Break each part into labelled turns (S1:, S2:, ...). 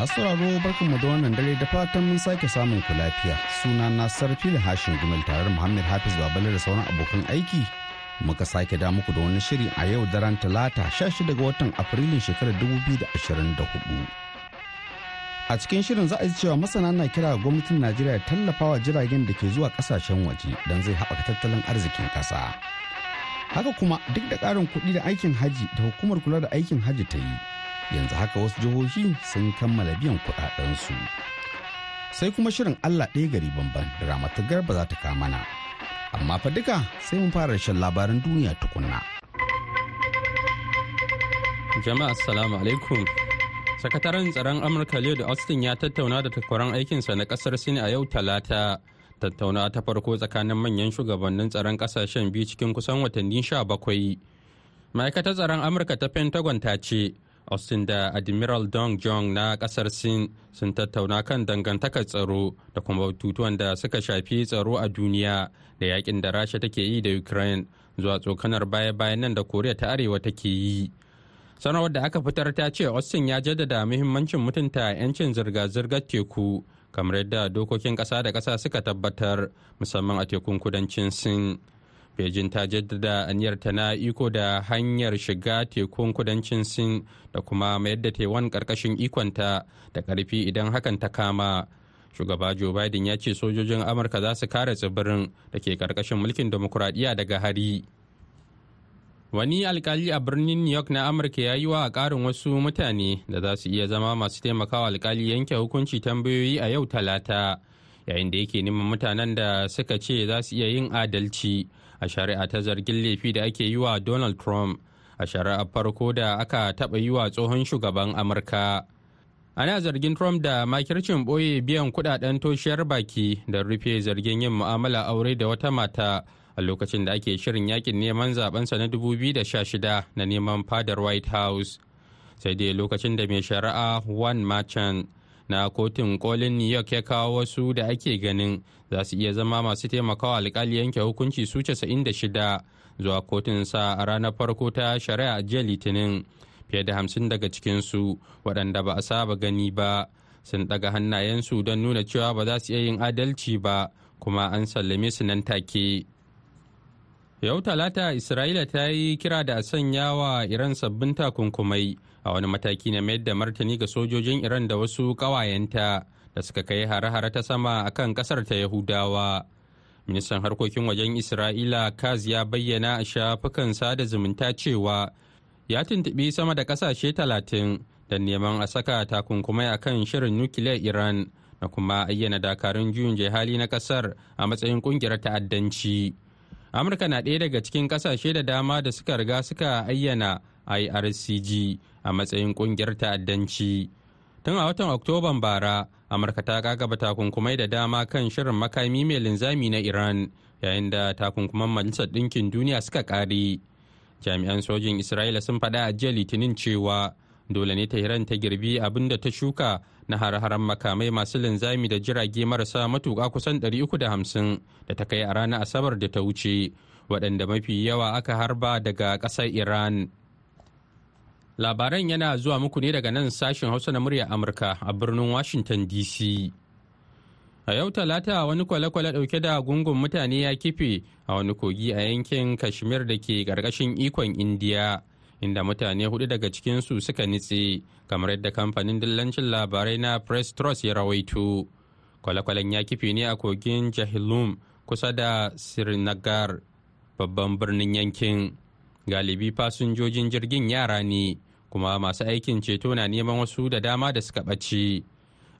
S1: masu sauraro barkanmu da wannan dare da fatan mun sake samun ku lafiya suna na sarfil hashin gumel tare da muhammad hafiz Babal da sauran abokan aiki muka sake da muku da wani shiri a yau daren talata 16 ga watan afrilun shekarar 2024 a cikin shirin za a ji cewa masana na kira gwamnatin najeriya tallafawa jiragen da ke zuwa kasashen waje don zai haɓaka tattalin arzikin ƙasa haka kuma duk da ƙarin kuɗi da aikin haji da hukumar kula da aikin haji ta yi yanzu haka wasu jihohi sun kammala biyan kudadensu sai kuma shirin allah ɗaya gari banban da ramatu garba za ta kamana amma fa duka sai mun fara shan labaran duniya tukunna
S2: jama'a assalamu alaikum sakataren tsaron amurka da austin ya tattauna da takwaran aikinsa na kasar sin a yau talata tattauna ta farko tsakanin manyan shugabannin tsaron kasashen biyu cikin kusan watanni sha bakwai ma'aikatar tsaron amurka ta pentagon ta ce austin da admiral dong jong na kasar sin sun tattauna kan dangantakar tsaro da kuma batutuwan da suka shafi tsaro a duniya da yakin da rasha take yi da ukraine zuwa tsokanar baya-bayan nan da koriya ta arewa take yi sanarwar da aka fitar ta ce austin ya jaddada muhimmancin mutunta 'yancin zirga-zirgar teku kamar yadda dokokin ƙasa da ƙasa suka tabbatar musamman a tekun kudancin sin Beijing ta jaddada aniyar ta na iko da hanyar shiga tekun kudancin Sin da kuma mayar da Taiwan karkashin ikonta da karfi idan hakan ta kama. Shugaba Joe Biden ya ce sojojin Amurka za su kare tsibirin da ke karkashin mulkin demokuraɗiyya daga hari. Wani alkali a birnin New York na Amurka ya yi wa ƙarin wasu mutane da za su iya zama masu taimakawa alkali yanke hukunci tambayoyi a yau talata. yayin da yake neman mutanen da suka ce za su iya yin adalci a shari'a ta zargin laifi da ake yi wa donald trump a shari'a farko da aka taɓa yi wa tsohon shugaban amurka ana zargin trump da makircin ɓoye biyan kudaden toshiyar baki da rufe zargin yin mu'amala aure da wata mata a lokacin da ake shirin yakin neman sa na 2016 na neman fadar white house sai dai lokacin da mai shari'a one machan na kotun kolin new york ya kawo wasu da ake ganin za su iya zama masu taimakawa alkali yanke hukunci su 96 zuwa kotun sa a ranar farko ta shari'a a jiya litinin fiye da hamsin daga cikinsu waɗanda ba a saba gani ba sun ɗaga hannayensu don nuna cewa ba za su iya yin adalci ba kuma an sallame su nan take yau talata isra'ila ta yi kira da a sanya wa iran sabbin takunkumai a wani mataki na mayar da martani ga sojojin iran da wasu ƙawayenta da suka kai hare-hare ta sama a kan kasar ta yahudawa ministan harkokin wajen isra'ila kaz ya bayyana a shafukan sada zumunta cewa ya tuntubi sama da kasashe talatin da neman a saka takunkumai a kan shirin nukiliyar iran da kuma ayyana dakarun juyin jihali na kasar a matsayin kungiyar ta'addanci amurka na ɗaya daga cikin kasashe da dama da suka riga suka ayyana ircg a matsayin kungiyar ta'addanci tun a watan oktoban bara amurka ta gagaba takunkumai da dama kan shirin makami mai linzami na iran yayin da takunkuman majalisar ɗinkin duniya suka ƙare jami'an sojin isra'ila sun faɗa a jiya litinin cewa dole ne tehran ta girbi abin da ta shuka na har-haren makamai masu linzami da jirage marasa matuƙa kusan 350 da ta kai a ranar asabar da ta wuce waɗanda mafi yawa aka harba daga ƙasar iran Labaran yana zuwa muku ne daga nan sashen Hausa na murya Amurka a birnin Washington DC. A yau talata wani kwale-kwale ɗauke da gungun mutane ya kife a wani kogi a yankin Kashmir da ke karkashin ikon Indiya. inda mutane hudu daga cikinsu suka nitse kamar yadda kamfanin dillancin labarai na press trust ya rawaito kwale-kwalen ya kife ne a kogin jahilum kusa da sirinagar babban birnin yankin galibi fasinjojin jirgin yara ne kuma masu aikin ceto na neman wasu da dama da suka ɓace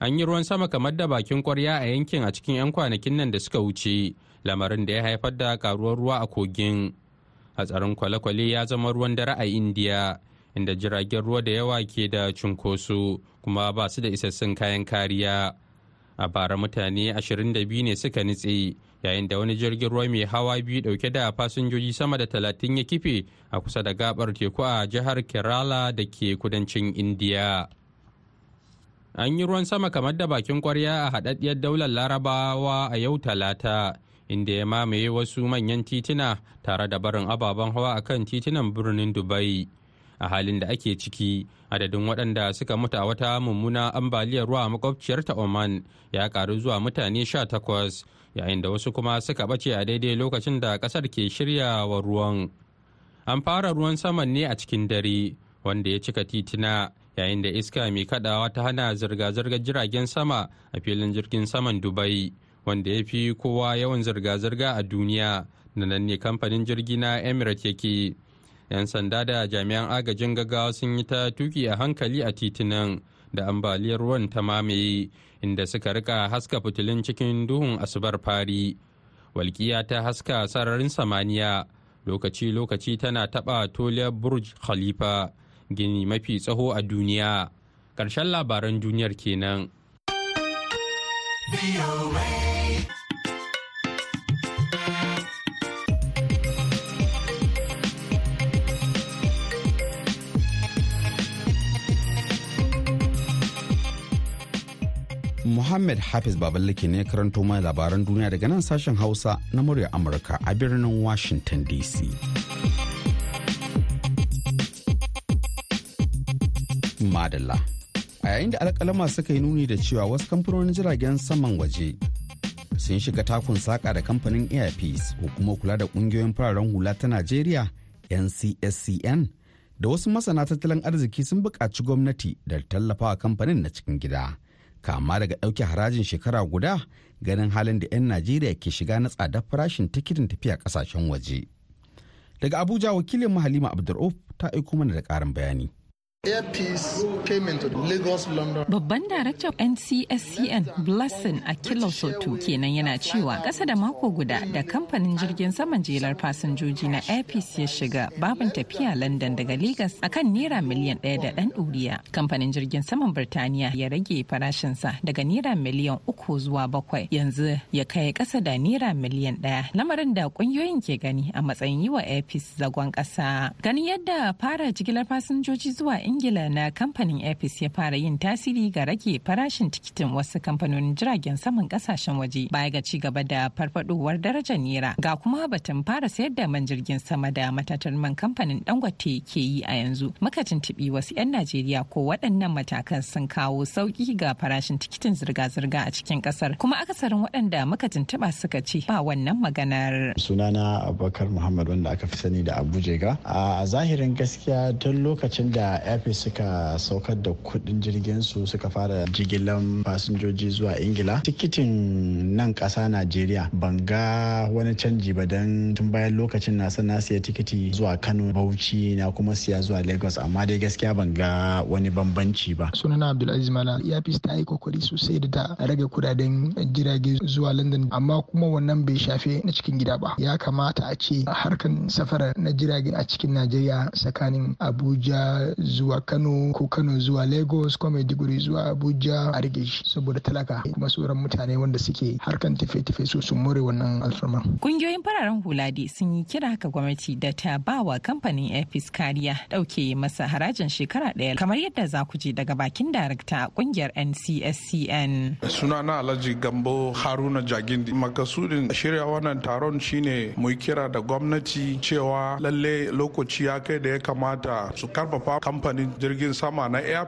S2: an yi ruwan sama kamar da bakin kwarya a yankin a cikin 'yan kwanakin nan da suka wuce lamarin da ya haifar da karuwar ruwa a kogin hatsarin kwale-kwale ya zama ruwan dare a indiya inda jiragen ruwa da yawa ke da cunkoso kuma ba su da isassun kayan kariya a bara mutane 22 ne suka nutse yayin da wani jirgin ruwa mai hawa biyu dauke da fasinjoji sama da 30 ya kife a kusa da gabar teku a jihar kerala da ke kudancin india an yi ruwan sama kamar da bakin kwarya a haɗaɗɗiyar daular larabawa a yau talata inda ya mamaye wasu manyan tituna tare da barin ababen hawa akan titunan birnin dubai a halin da ake ciki adadin waɗanda suka mutu a wata mummuna ambaliyar ruwa makwabciyar ta oman ya karu zuwa mutane sha takwas yayin da wasu kuma suka ɓace a daidai lokacin da ƙasar ke shirya wa ruwan an fara ruwan saman ne a cikin dare wanda ya cika titina yayin da iska mai kaɗawa ta hana zirga-zirgar jiragen sama a filin jirgin saman dubai wanda ya fi kowa yawan zirga-zirga a duniya da nan ne kamfanin jirgi na emirates yake 'yan sanda da jami'an agajin gaggawa sun yi ta tuki a hankali a titunan da ambaliyar ruwan ta mamaye inda suka rika haska fitilun cikin duhun asubar fari walƙiya ta haska sararin samaniya lokaci-lokaci tana taɓa toliyar burj khalifa gini mafi tsaho a duniya ƙarshen labaran duniyar kenan.
S1: Muhammad Hafiz Baballake ne karanto mai labaran duniya daga nan sashen Hausa na murya Amurka a birnin Washington DC. Madalla. A yayin da alkalama suka yi nuni da cewa wasu kamfanonin jiragen saman waje sun shiga takun saƙa da kamfanin Airpeace kuma kula da ƙungiyoyin fararen hula ta Najeriya NCSCN da wasu masana tattalin arziki sun buƙaci gwamnati da tallafawa kamfanin na cikin gida. kama daga ɗauke harajin shekara guda ganin halin da 'yan najeriya ke shiga na tsadar farashin tikitin tafiya ƙasashen waje daga abuja wakilin halima abdur'uf ta aiko mana da ƙarin bayani
S3: Babban daraktan NCSCN Blessing a Soto kenan yana cewa ƙasa da mako guda da kamfanin jirgin saman jelar fasinjoji na Airpeace ya shiga babin tafiya London daga Legas akan naira miliyan ɗaya da ɗan ɗuriya. Kamfanin jirgin saman Birtaniya ya rage farashinsa daga naira miliyan uku zuwa bakwai yanzu ya kai ƙasa da naira miliyan ɗaya. Lamarin da ƙungiyoyin ke gani a matsayin yi wa Airpeace zagon ƙasa. Ganin yadda fara jigilar fasinjoji zuwa ingila na kamfanin apis ya fara yin tasiri ga rage farashin tikitin wasu kamfanonin jiragen saman kasashen waje baya ga ci gaba da farfadowar darajar nera ga kuma batun fara sayar da man jirgin sama da matatar man kamfanin dangote ke yi a yanzu muka tuntubi wasu 'yan najeriya ko waɗannan matakan sun kawo sauki ga farashin tikitin zirga-zirga a cikin kasar kuma akasarin waɗanda muka tuntuɓa suka ce ba wannan maganar
S4: sunana abubakar muhammad wanda aka fi sani da abuja ga a zahirin gaskiya tun lokacin da safe suka saukar da kudin jirgin su suka fara jigilan fasinjoji zuwa ingila tikitin nan kasa najeriya ban ga wani canji ba don tun bayan lokacin na sana siya tikiti zuwa kano bauchi na kuma siya zuwa lagos amma dai gaskiya ban ga wani bambanci ba sunana
S2: abdulaziz mala ya fi ta yi kokari sosai da ta rage kudaden jirage zuwa london amma kuma wannan bai shafe na cikin gida ba ya kamata a ce harkan safara na jirage a
S5: cikin najeriya tsakanin abuja zuwa zuwa Kano ko Kano zuwa Lagos ko
S4: Maiduguri zuwa Abuja a rage shi saboda talaka kuma sauran mutane wanda suke harkan tafe-tafe
S3: so sun more wannan alfarma. Kungiyoyin fararen hula dai sun yi kira ga gwamnati da ta ba wa kamfanin Airpeace kariya dauke masa harajin shekara ɗaya kamar yadda za ku je daga bakin darakta kungiyar NCSCN.
S6: Sunana Alhaji Gambo Haruna Jagindi makasudin shirya wannan taron shine mu kira da gwamnati cewa lalle lokaci ya kai da ya kamata su karfafa kamfanin din jirgin sama na air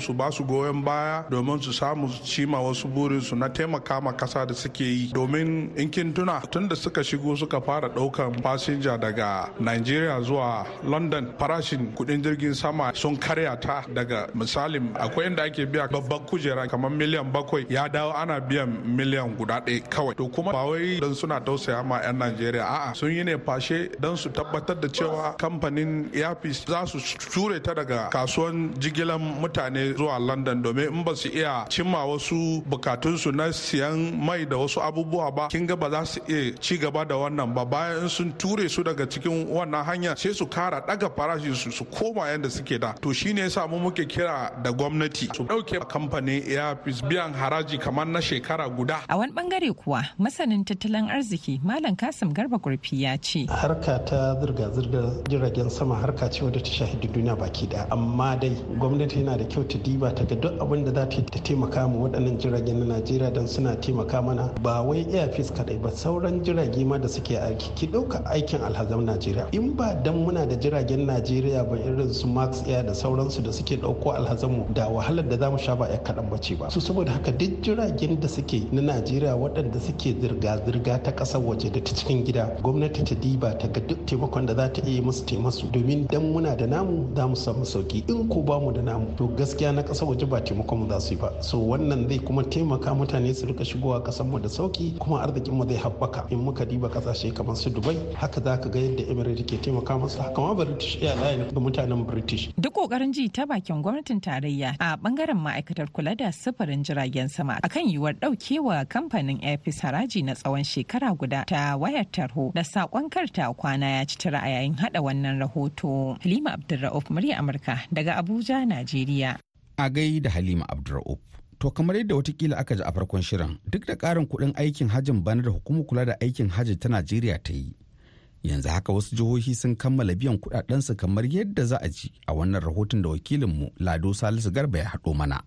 S6: su ba su goyon baya domin su samu cima wasu burinsu na taimaka ma kasa da suke yi domin in kin tuna tun da suka shigo suka fara daukan fasinja daga nigeria zuwa london farashin kudin jirgin sama sun karya ta daga misalin akwai inda ake biya babban kujera kamar miliyan bakwai ya dawo ana biyan miliyan guda ɗaya kawai to kuma ba don suna tausaya ma 'yan nigeria a'a sun yi ne fashe don su tabbatar da cewa kamfanin airpeace za su ture ta daga kasuwan jigilan mutane zuwa london domin in ba su iya cimma wasu bukatunsu na siyan mai da wasu abubuwa ba kin ga ba za su iya ci gaba da wannan ba bayan sun ture su daga cikin wannan hanya sai su kara daga farashi su koma yadda suke da to shine ne mu muke kira da gwamnati su dauke kamfanin airfis biyan haraji kamar na shekara guda a
S3: wani bangare kuwa masanin tattalin arziki malam kasim garba gurfi ya ce harka ta zirga-zirgar jiragen
S4: sama harka ce wadda ta shahidi duniya baki daya amma dai gwamnati yana da kyau ta diba ta ga duk abin da za ta ta taimaka ma waɗannan jiragen na najeriya don suna taimaka mana ba wai airfis kaɗai ba sauran jirage ma da suke aiki ki ɗauka aikin alhazan najeriya in ba dan muna da jiragen najeriya ba irin su max air da sauransu da suke ɗauko alhazan mu da wahalar da za mu sha ba ya kaɗan bace ba su saboda haka duk jiragen da suke na najeriya waɗanda suke zirga-zirga ta ƙasar waje da ta cikin gida gwamnati ta diba ta ga duk taimakon da za ta iya musu taimasu domin dan muna da namu za mu samu sauki sauki in ko ba mu da namu to gaskiya na kasa waje ba taimakon mu za su yi ba so wannan zai kuma taimaka mutane su rika shigowa kasan mu da sauki kuma arzikin mu zai haɓaka in muka diba kasashe kamar su Dubai haka za ka ga yadda Emirates ke taimaka masu haka ma British da ga mutanen British
S3: duk kokarin ji ta bakin gwamnatin tarayya a bangaren ma'aikatar kula da sufurin jiragen sama akan yiwuwar daukewa kamfanin Airpeace haraji na tsawon shekara guda ta wayar tarho da sakon karta kwana ya ci tara a yayin hada wannan rahoto Halima Abdulrauf murya Amurka daga Abuja, Najeriya.
S1: A gai da Halima Abdur'uf. To kamar yadda watakila aka ji a farkon shirin duk da ƙarin kuɗin aikin hajjin bana da hukumar kula da aikin hajji ta Najeriya ta yi. Yanzu haka wasu jihohi sun kammala biyan kuɗaɗensu kamar yadda za a ji a wannan rahoton da wakilinmu Lado Salisu Garba ya haɗo mana.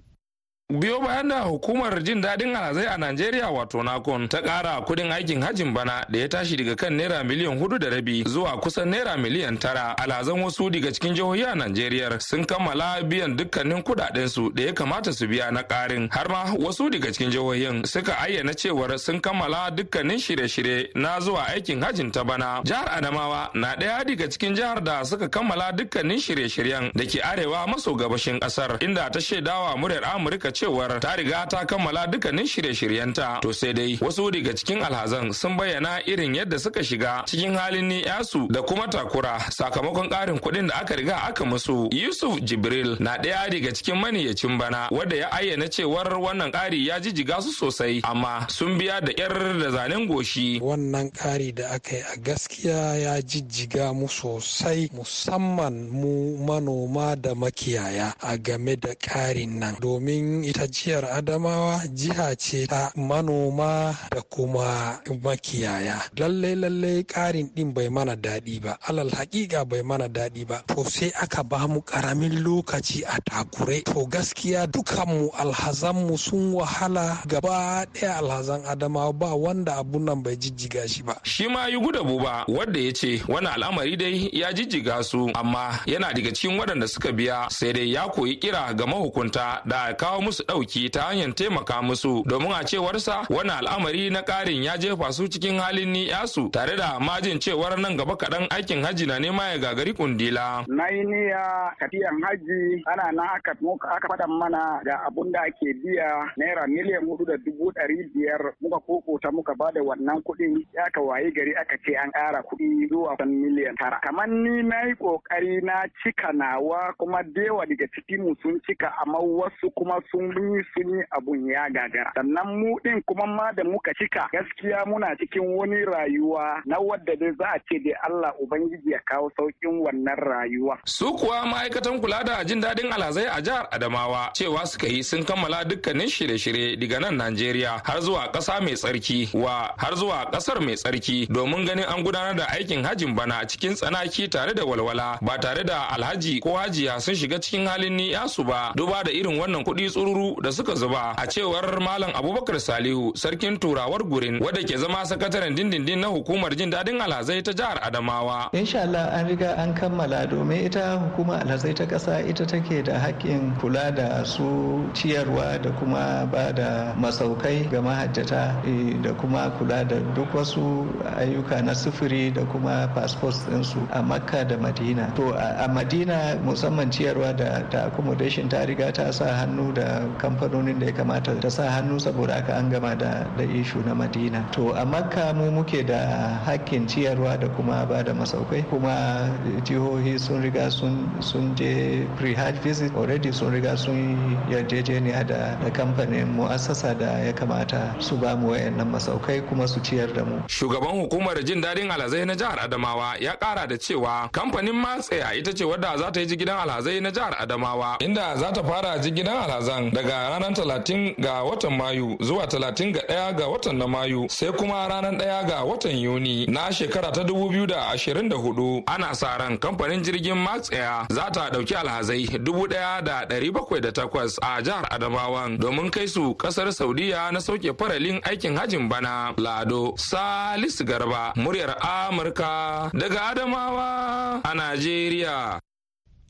S5: biyo bayan da hukumar jin daɗin alazai a najeriya wato nakon ta ƙara kuɗin aikin hajin bana da ya tashi daga kan naira miliyan hudu da rabi zuwa kusan naira miliyan tara Alazan wasu daga cikin jihohi a najeriya sun kammala biyan dukkanin kuɗaɗen su da ya kamata su biya na ƙarin har ma wasu daga cikin jihohin suka ayyana cewar sun kammala dukkanin shirye-shirye na zuwa aikin hajin ta bana jihar adamawa na ɗaya daga cikin jihar da suka kammala dukkanin shirye-shiryen da ke arewa maso gabashin ƙasar inda ta shaidawa muryar amurka cewar ta riga ta kammala dukkanin shirye-shiryenta to sai dai wasu daga cikin alhazan sun bayyana irin yadda suka shiga cikin halin ni yasu da kuma takura sakamakon ƙarin kuɗin da aka riga aka musu yusuf jibril na ɗaya daga cikin maniyacin bana wanda ya ayyana cewar wannan ƙari ya jijjiga su sosai amma sun biya da ƙyar da zanen goshi wannan ƙari da aka yi a gaskiya ya jijjiga mu sosai musamman mu manoma da makiyaya a game da ƙarin nan domin ita jihar Adamawa jiha ce ta manoma da kuma makiyaya. Lallai lallai ƙarin ɗin bai mana daɗi ba, alal haƙiƙa bai mana daɗi ba. To sai aka ba mu ƙaramin lokaci a takure. To gaskiya mu alhazan mu sun wahala gaba ɗaya alhazan Adamawa ba wanda abun nan bai jijjiga shi ba. Shi ma yi guda ba wanda ya ce wani al'amari dai ya jijjiga su amma yana daga cikin waɗanda suka biya sai dai ya koyi kira ga mahukunta da kawo musu Su ɗauki ta hanyar taimaka musu domin a cewarsa wani al'amari na ƙarin ya jefa su cikin halin ni'yasu tare da majin cewar nan gaba kaɗan aikin haji na nema ya gagari kundila.
S1: Na yi niyya tafiyan haji, ana na aka aka faɗa mana ga abun da ake biya naira miliyan hudu da dubu ɗari biyar muka kokota muka ba da wannan kuɗin ya ka waye gari aka ce an ƙara kuɗi zuwa san miliyan tara. Kamar ni na yi ƙoƙari na cika nawa kuma dewa daga cikin mu sun cika amma wasu kuma sun mun sun yi abun ya gagara sannan mu din kuma ma da muka cika gaskiya muna cikin wani rayuwa na wadda dai za a ce dai Allah ubangiji ya kawo saukin wannan
S5: rayuwa su kuwa ma'aikatan kula da jin daɗin alhazai a jihar Adamawa cewa suka yi sun kammala dukkanin shirye-shirye daga nan Najeriya har zuwa ƙasa mai tsarki wa har zuwa ƙasar mai tsarki domin ganin an gudanar da aikin hajin bana cikin tsanaki tare da walwala ba tare da alhaji ko hajiya sun shiga cikin halin ni'yasu ba duba da irin wannan kuɗi tsururu tururu da suka zuba a cewar malam abubakar salihu sarkin turawar gurin wadda ke zama sakataren dindindin na hukumar jin daɗin alhazai ta jihar adamawa
S7: insha Allah an riga an kammala domin ita hukuma alhazai ta ƙasa ita take da haƙƙin kula da su ciyarwa da kuma ba da masaukai ga mahajjata e, da kuma kula da duk wasu ayyuka na sufuri da kuma passports ɗinsu a makka da madina to a madina musamman ciyarwa da accommodation ta riga ta sa hannu da kamfanonin da ya kamata ta sa hannu saboda aka an gama da da ishu na madina to a makka mu muke da hakkin ciyarwa da kuma ba da masaukai kuma jihohi sun riga sun je pre-hajj visit already sun riga sun yarjejeniya da kamfanin mu'assasa da ya kamata su ba mu wayannan masaukai kuma su ciyar da mu
S5: shugaban hukumar jin daɗin alhazai na jihar adamawa ya kara da cewa kamfanin matsaya ita ce wadda za ta yi jigidan alhazai na jihar adamawa inda za ta fara jigidan alhazan daga ranar talatin ga watan mayu zuwa talatin ga ɗaya ga watan na mayu sai kuma ranar ɗaya ga watan yuni na shekara ta dubu biyu da hudu ana sa ran kamfanin jirgin max air za ta ɗauki alhazai dubu ɗaya da ɗari bakwai da takwas a jihar adamawan domin kai su ƙasar saudiya na sauke faralin aikin hajin bana lado salisu garba muryar amurka daga adamawa a najeriya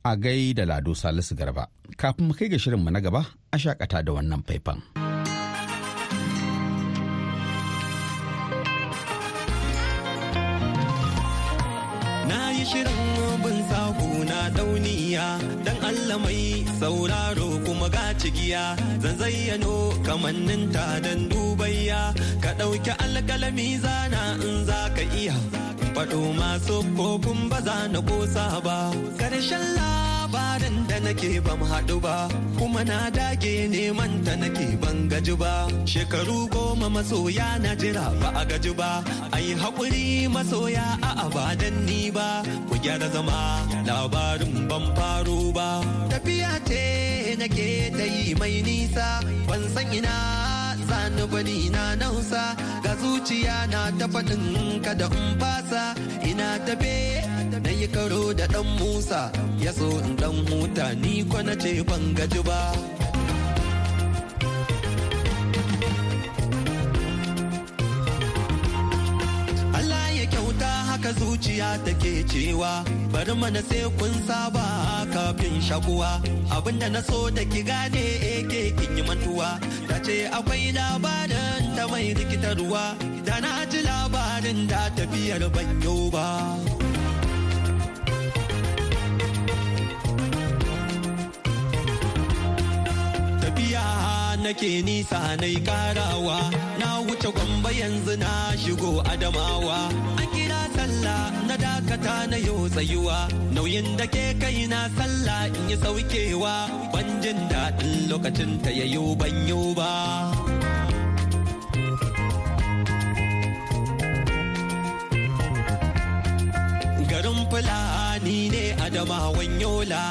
S1: a gai da Lado Salisu Garba. Kafin mu kai ga shirinmu na gaba a shakata da wannan faifan.
S7: Na yi shirin bin sako na dauniya dan Allah mai sauraro kuma ga cigiya zan zayyano kamanninta dan dubayya ka ɗauki alkalami zana in za ka iya. faɗo masu kokun ba za na kosa ba ƙarshen labarin da nake ban haɗu ba kuma na dage neman ta nake ban gaji ba shekaru goma masoya na jira ba a gaji ba ai haƙuri masoya a abadan ni ba ku gyara zama labarin ban faro ba tafiya ce nake ta yi mai nisa ban san ina zani bani na nausa ga zuciya na ta faɗin kada in fasa ina tafe na yi karo da ɗan musa ya so in ɗan huta ni ko na ce ban gaji ba. haka zuciya take cewa bari mana sai kun saba kafin shakuwa abinda na so da ki gane eke eh, kin yi mantuwa ta ce akwai labarin ta mai rikitarwa da na ji labarin da tafiyar banyo ba nake nisa na ƙarawa na wuce gwamba yanzu na shigo adamawa sallah na dakata na yau tsayuwa nauyin da ke kai na sallah in yi saukewa ban jin daɗin lokacin ta yayo ban yau ba garin fulani ne adamawan yola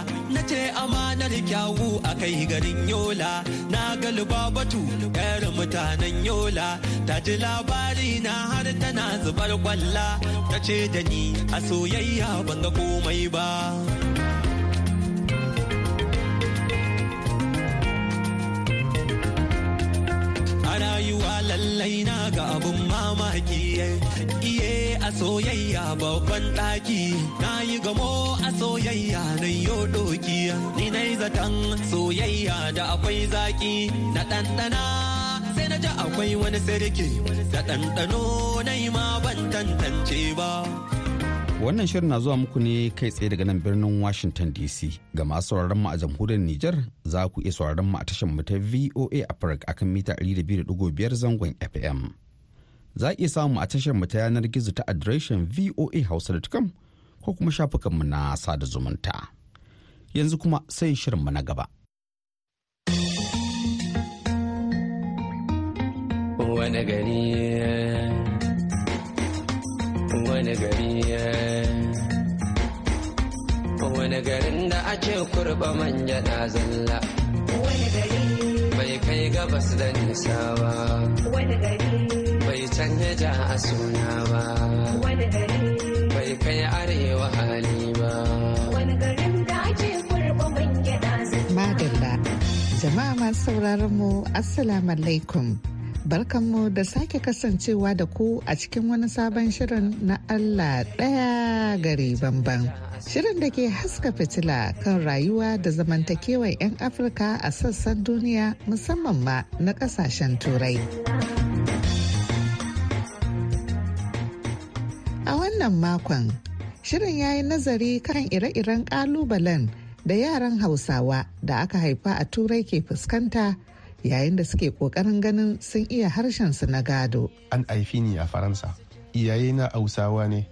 S7: ce amanar kyawu a kai garin yola na ga lubabatu yar mutanen yola ta ji labari na har tana zubar kwalla ta ce da ni a soyayya ban ga komai ba rayuwa lallai na ga abun mamaki iya a soyayya babban ɗaki na yi gamo a soyayya na yo doki ni na zaton soyayya da akwai zaki na ɗanɗana sai na ji akwai wani sarki da ɗanɗano na yi ma ban tantance ba
S1: wannan shirin na zuwa muku ne kai tsaye daga nan birnin washington dc ga masu sauraron mu a jamhuriyar niger za ku iya sauraron mu a tashar mu ta voa africa akan mita 102.5 zangon fm za iya samu a tashar mu ta yanar gizo ta adireshin hausa.com ko kuma shafukanmu na sada zumunta. Yanzu kuma sai mu na gaba.
S2: Wani gari
S7: wani gari wani garin da ake kurba manja na zalla. wani gari bai kai gabas da nisa ba wani gari bai canja ja a suna ba
S8: wani gari
S9: bai kai arewa
S7: hali ba
S8: wani garin da ake kurba man gyada madalla jama'a masu sauraron mu assalamu alaikum Barkanmu da sake kasancewa da ku a cikin wani sabon shirin na Allah ɗaya gari bamban. Shirin da ke haska fitila kan rayuwa da zamantakewar 'yan Afirka a sassan duniya musamman ma na ƙasashen Turai. A wannan makon, shirin ya yi nazari kan ire-iren ƙalubalen da yaran Hausawa da aka haifa a Turai ke fuskanta. yayin da suke kokarin ganin sun iya harshensu na gado.
S10: An haifi ni a Faransa, iyaye na Hausawa ne,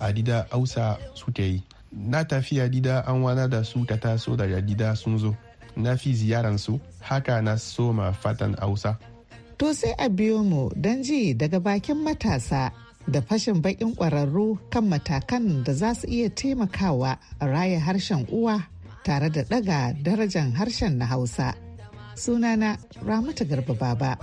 S10: a dida Hausa su ta yi. Na tafi a an wana da su ta taso daga dida sun zo. Na fi su haka na soma fatan Hausa.
S8: To sai a biyo mu don ji daga bakin matasa da fashin bakin kwararru kan matakan da za su iya taimakawa raya harshen uwa tare da daga darajar harshen na Hausa. sunana ramata garba baba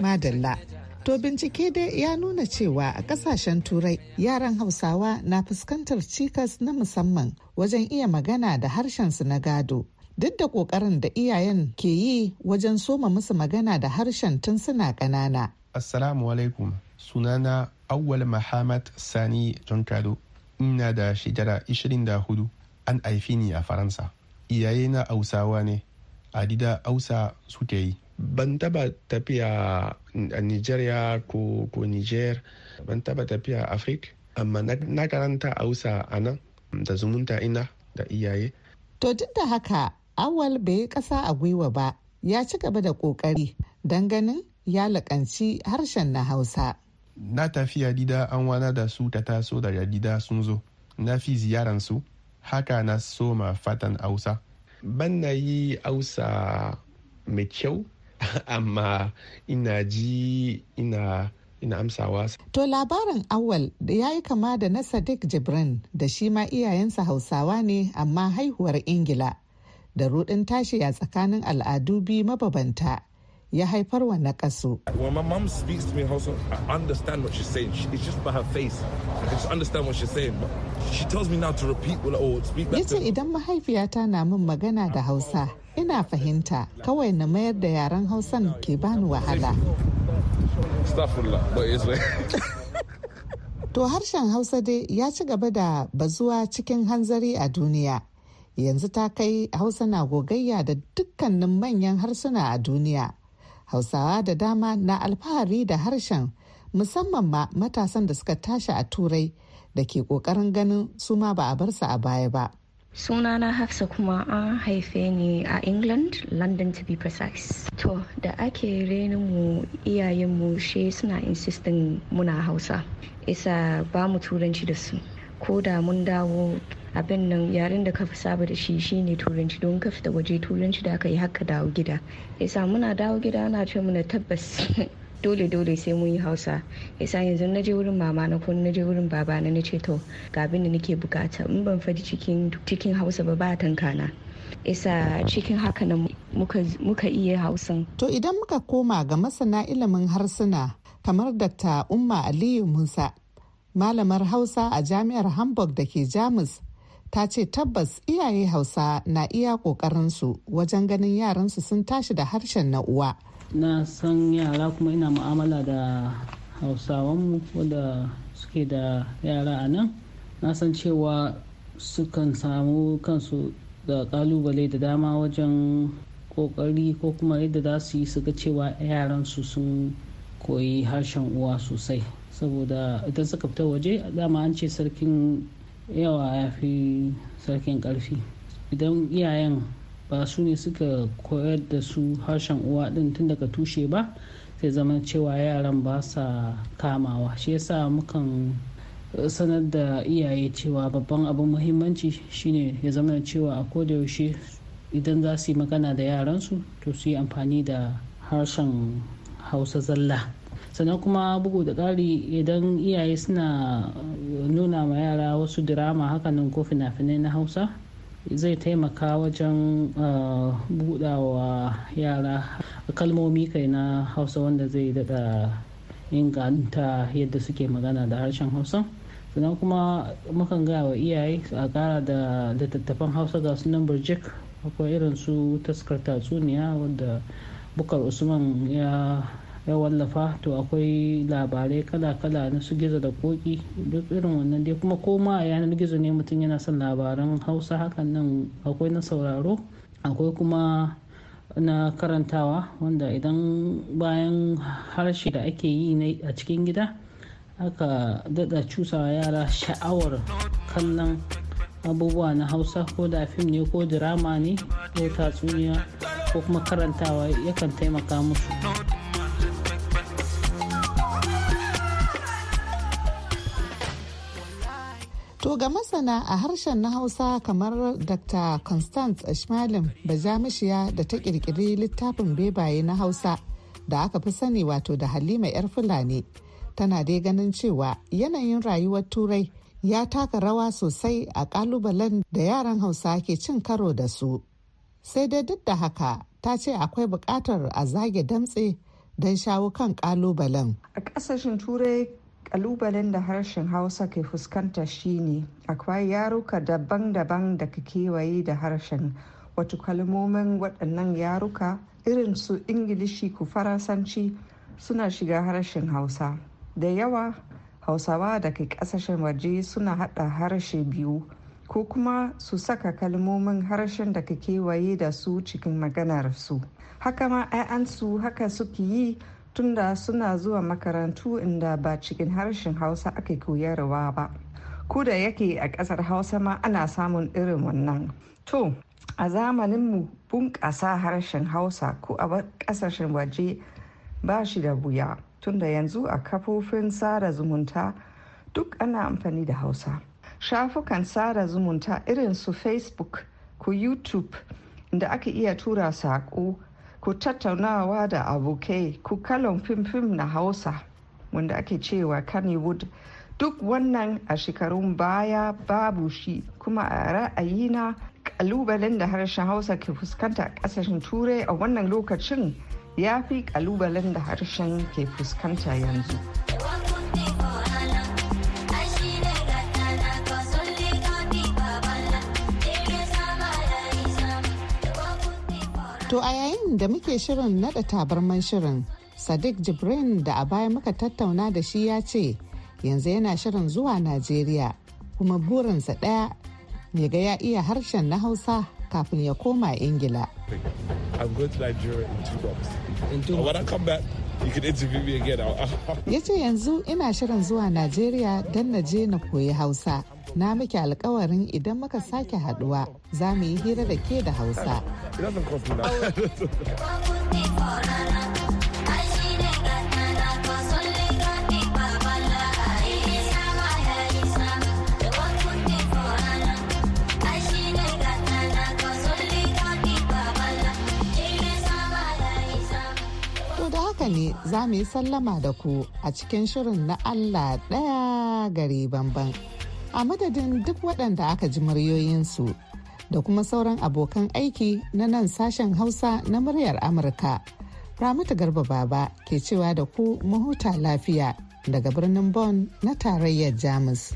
S8: madalla To bincike dai ya nuna cewa a kasashen turai yaran hausawa na fuskantar cikas na musamman wajen iya magana da harshensu na gado. Duk da ƙoƙarin da iyayen ke yi wajen soma musu magana da harshen tun suna ƙanana.
S10: Assalamu alaikum sunana Awwal Muhammad Sani Jonkado ina da shekara 24 an haifi ni a faransa iyaye na hausawa ne a dida hausa suke yi ban taba tafiya a nigeria ko, niger ban taba tafiya a afirka amma na karanta hausa a nan da zumunta ina da iyaye
S8: to duk da haka awal bai yi kasa a gwiwa ba ya ci gaba da kokari don ganin ya lakanci harshen na hausa
S10: na tafi yadida an wana da su ta taso da yadida sun zo na fi ziyaran su haka na soma fatan hausa ban na yi hausa mai kyau amma ina ji ina ina amsawa.
S8: To labarin awal da ya yi kama da na Sadiq Jibrin, da shi ma iyayensa Hausawa ne amma haihuwar Ingila da rudin tashi a tsakanin al'adu biyu mababanta ya haifar wa nakasu. Ya idan mahaifiyata na min magana da Hausa, ina fahimta kawai na mayar da yaren Hausan ke bani wahala. To harshen Hausa dai ya ci gaba da bazuwa cikin hanzari a duniya. Yanzu ta kai Hausa na gogayya da dukkanin manyan harsuna a duniya. hausawa da dama na alfahari da harshen musamman ma matasan da suka tashi a turai da ke kokarin ganin su ma ba a bar
S9: su a baya ba. sunana hafsa kuma an haife ni a england london to be precise to da ake mu iyayenmu she suna insistin muna hausa isa ba mu turanci da su ko da mun dawo abin nan yaren da ka fi saba da shi shine turanci don ka fita waje turanci da aka yi haka dawo gida yasa muna dawo gida ana ce muna tabbas dole dole sai mun yi hausa yasa yanzu na je wurin mama na kun na je wurin baba na ce to ga abin da nake bukata in ban faɗi cikin hausa ba ba tankana isa cikin haka nan
S8: muka, iya hausan. To idan muka koma ga masana ilimin harsuna kamar Dr. Umma Aliyu Musa, malamar Hausa a Jami'ar Hamburg da ke Jamus ta ce tabbas iyaye hausa na iya ƙoƙarinsu wajen ganin yaransu
S11: sun tashi da harshen na uwa. na san yara kuma ina mu'amala da mu wadda suke da yara a nan na san cewa sukan samu kansu da kalubale da dama wajen kokari ko kuma yadda za su yi su ga cewa yaransu sun koyi harshen uwa sosai saboda idan suka fita waje dama an ce sarkin yawa ya fi sarkin karfi idan iyayen ba su ne suka koyar da su harshen uwa ɗin tun daga tushe ba sai zama cewa yaran ba sa kamawa shi yasa mukan sanar da iyaye cewa babban abin muhimmanci shine ya zama cewa a kodayaushe idan za su yi magana da yaransu to su yi amfani da harshen hausa zalla sannan kuma bugu da ƙari idan iyaye suna eh, nuna ma yara wasu dirama hakanan ko fina-finai na hausa zai taimaka wajen eh, buɗawa yara kalmomi kai na hausa wanda zai daɗa inganta yadda suke magana da harshen hausa sannan kuma mukan gaya wa iyaye a ƙara da littattafan hausa ga sunan birjik akwai irin su taskar tatsuniya wadda bukar usman ya ya wallafa to akwai labarai kala-kala na su gizo da koki duk irin wannan dai kuma koma a yanar gizo ne mutum yana son labaran hausa hakan nan akwai na sauraro akwai kuma na karantawa wanda idan bayan harshe da ake yi a cikin gida aka dada cusawa yara sha'awar kallon abubuwa na hausa ko da fim ne ko dirama ne ko tatsuniya ko kuma karantawa yakan taimaka musu To ga masana a harshen
S8: na Hausa kamar Dr. Constance Ashmalin Bajamishiya da ta kirkiri littafin bebaye na Hausa da aka fi sani wato da Halima 'yar Fulani. Tana dai ganin cewa yanayin rayuwar Turai ya taka rawa sosai a kalubalen da yaran Hausa ke cin karo da su. Sai dai duk da haka ta ce
S9: akwai buƙatar a zage damtse don shawo kan kalubalen. A ƙasashen Turai kalubalen da harshen hausa ke fuskanta shine akwai yaruka daban-daban da ka kewaye da harshen wato kalmomin waɗannan yaruka irin su ingilishi ku faransanci suna shiga harshen hausa da yawa hausawa da ke ƙasashen waje suna haɗa harshe biyu ko kuma su saka kalmomin harshen da ka kewaye da su cikin maganarsu haka ma 'ya'yansu haka suke yi tunda suna zuwa makarantu inda ba cikin harshen hausa ake koyarwa ba ko da yake a ƙasar hausa ma ana samun irin wannan to a zamaninmu bunƙasa harshen hausa ko a ƙasashen waje ba shi da wuya tunda yanzu a kafofin sada zumunta duk ana amfani da hausa shafukan sada zumunta irin su facebook ko youtube da aka iya tura saƙo ku tattaunawa da abokai ku kalon fim-fim na hausa wanda ake cewa kannywood duk wannan a shekarun baya babu shi kuma a ra'ayina kalubalen da harshen hausa ke fuskanta a kasashen turai a wannan lokacin ya fi kalubalen da harshen ke fuskanta yanzu.
S8: To a yayin da muke shirin nada tabarman shirin, Sadiq Jibrin da a baya muka tattauna da shi ya ce yanzu yana shirin zuwa Najeriya kuma burinsa ɗaya ya ga ya iya harshen na Hausa kafin ya koma Ingila.
S6: you can interview me again.
S8: Ya yanzu ina shirin zuwa Najeriya don na je na koyi Hausa. Na miki alkawarin idan muka sake haduwa za mu yi hira da ke da Hausa. za mu yi sallama da ku a cikin shirin na Allah ɗaya gari bamban. A madadin duk waɗanda aka ji muryoyinsu da kuma sauran abokan aiki na nan sashen Hausa na muryar Amurka. Ramatu Garba Baba ke cewa da ku mahuta lafiya daga birnin Bonn na tarayyar Jamus.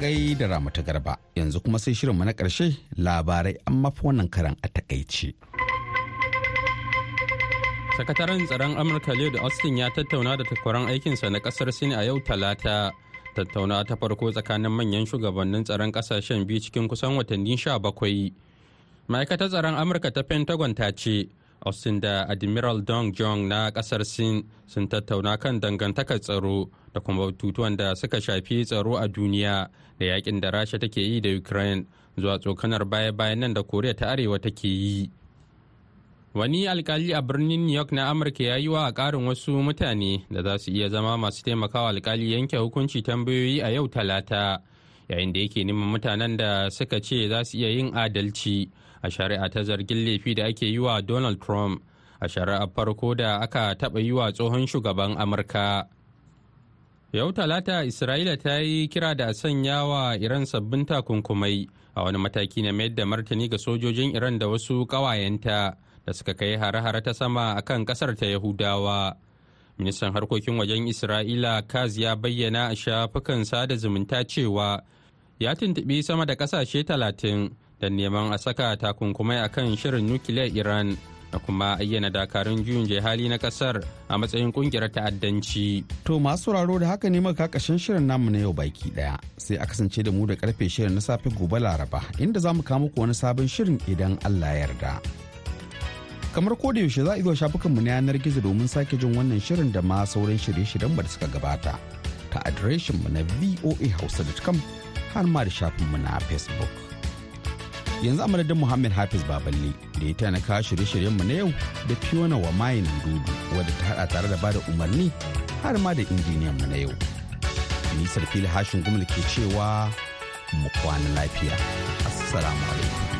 S1: gai da ta garba yanzu kuma sai shirinmu na ƙarshe labarai an mafi wannan karan a takaice.
S2: sakataren tsaron amurka da austin ya tattauna da takwaran aikinsa na kasar sin a yau talata tattauna ta farko tsakanin manyan shugabannin tsaron kasashen biyu cikin kusan watanni sha bakwai ma'aikatar tsaron amurka ta pentagon ta ce austin da admiral dong jong na kasar sin sun tattauna kan dangantakar tsaro da kuma batutuwan da suka shafi tsaro a duniya da yakin da rasha take yi da ukraine zuwa tsokanar baya-bayan nan da koriya ta arewa take yi wani alkali a birnin new york na amurka ya yi wa a karin wasu mutane da za su iya zama masu taimakawa alkali yanke hukunci tambayoyi a yau talata yayin da yake neman mutanen da suka ce za su iya yin adalci a shari'a ta zargin laifi da ake yi wa donald trump a shari'ar farko da aka taɓa yi wa tsohon shugaban amurka yau talata isra'ila ta yi kira da sanya wa iran sabbin takunkumai a wani mataki na mayar da martani ga sojojin iran da wasu ƙawayenta da suka kai hare-hare ta sama akan ƙasar ta yahudawa ministan harkokin wajen isra'ila kaz ya bayyana a shafukan sada zumunta cewa ya tuntuɓi sama da ƙasashe talatin don neman a saka takunkumai kan shirin nukiliyar iran da kuma ayyana dakarun juyin hali na kasar a matsayin kungiyar ta'addanci. To
S1: masu sauraro da haka ne maka kashin shirin namu na yau baki daya sai a kasance da mu da karfe shirin na safe gobe laraba inda za mu kawo muku wani sabon shirin idan Allah yarda. Kamar ko da yaushe za a zuwa shafukanmu na yanar gizo domin sake jin wannan shirin da ma sauran shirye-shiryen da suka gabata ta adireshinmu na voa hausa.com har ma da shafinmu na Facebook. yanzu amadadin muhammad hafiz baballe da ya tana kawo shirye-shiryen mu na yau da fiona wa mayin dudu wadda ta hada tare da bada umarni har ma da injiniyan mu na yau nisar fili hashin gumul ke cewa mu kwana lafiya assalamu alaikum